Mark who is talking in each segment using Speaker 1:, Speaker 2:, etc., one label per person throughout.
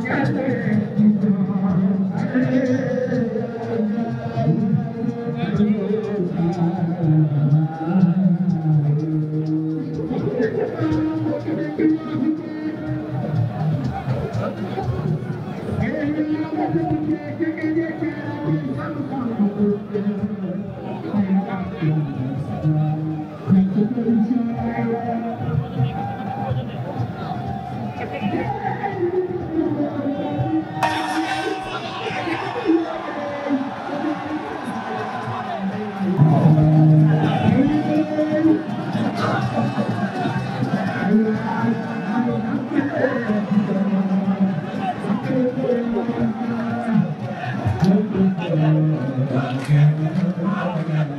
Speaker 1: Yeah. arbitre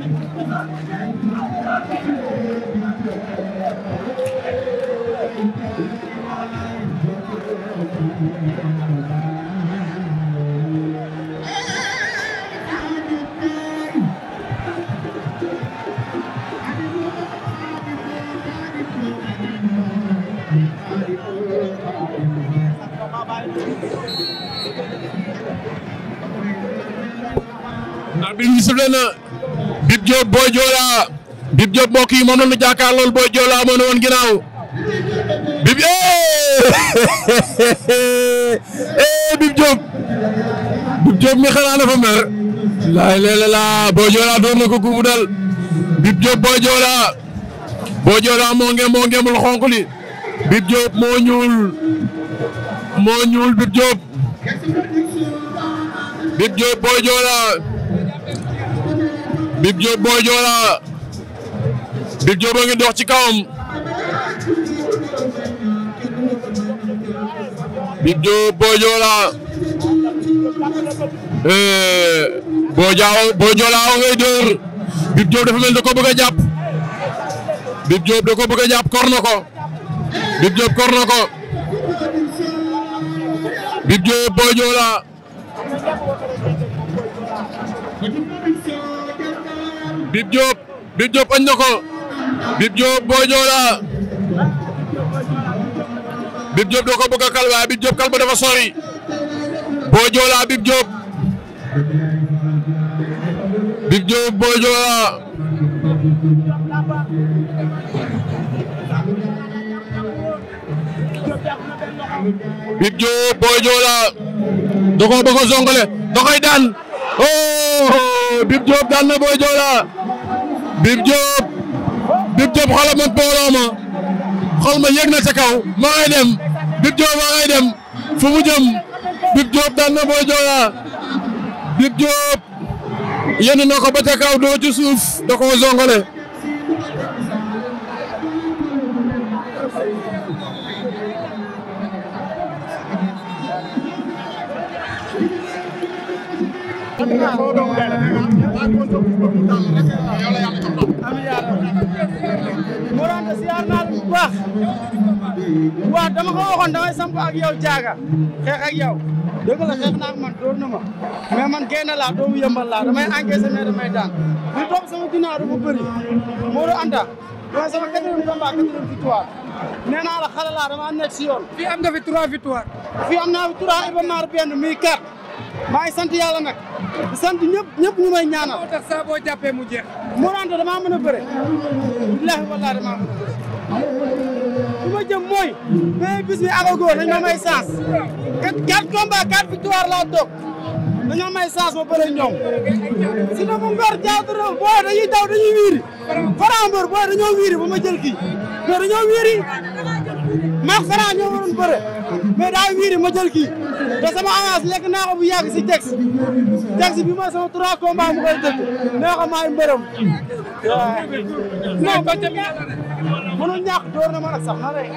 Speaker 2: bi sifle na Bib Diop Boy Diola Bib Diop mbokk yi moom la ñu lool Boy Diola moo ne woon ginnaaw Bib eh, eh Bib Diop Bib Diop mi xanaa dafa mer laay leela laa Boy Diola doon na ko guubu dal Bib Diop Boy Diola Boy Diola moo nge moo ngemul xonk li Bib Diop moo ñuul moo ñuul Bib Diop Bib Diop Boy Diola Bib Diop Boy Bib Diop a ngi dox ci kawam Bib Diop Boy Diola eh, Boy Diaw Bib Diop dafa mel da ko bëgg a Bib Diop da ko bëgg a kor na ko Bib Diop kor na ko Bib Diop Boy Bib Diop Bib Diop añ na ko Bib Diop Bib Diop da ko dafa sori Boy Diola Bib Diop Bib Diop Boy Diola Bib Diop Boy ko bëgg a zongale da oh, Bib Diop daan na Boy Diola Bib Diop Bib Diop xoolal man booloo ma xool ma kaw ma ngay dem Bib Diop ma ngay dem fu mu jëm Bib daan na Boy Diola Bib Diop yenn na ba ca doo ci suuf da koo zongale. soo doon gën a ngi woon bu yow la
Speaker 1: naa la bu baax waaw dama ko waxoon damay samp ak yow jaaga xeex ak yow dëgg xeex naa man dóor na ma man génn laa doomu yëmbal laa damay encaissé mais damay daan ñu topp sama ginnaaw dafa bëri Modou Anta mooy sama quatrième combat quatrième victoire nee naa la xale laa dama nekk si yoon fii am fi trois victoire Iba Mar benn muy quatre maa ngi sant yàlla nag di sant ñëpp ñëpp ñu may ñaanal. moo tax jàppee mu jeex. Mor Anta damaa mën a bëre. billaahi wallaahi damaa mën a bëre. fi ma jëm mooy. mais bis bi Agogo dañoo may saas. quatre quatre combats quatre victoire laa toog. dañoo may saas ba bëre ñoom. si na mu ngor jaatu na booy dañuy daw dañuy wiiri. Franc mbër booy dañoo wiiri ba ma jël kii. mais dañoo wiiri. maak Franc ñoo waroon bëre. mais daa wiiri ma jël kii. te sama avance lekk naa ko bu yàgg si texte texte bi mooy sama trois combats mu koy tëgg nee ko maay mbërëm waaw. non ba tamit mënul ñàkk na ma nag sax na rek.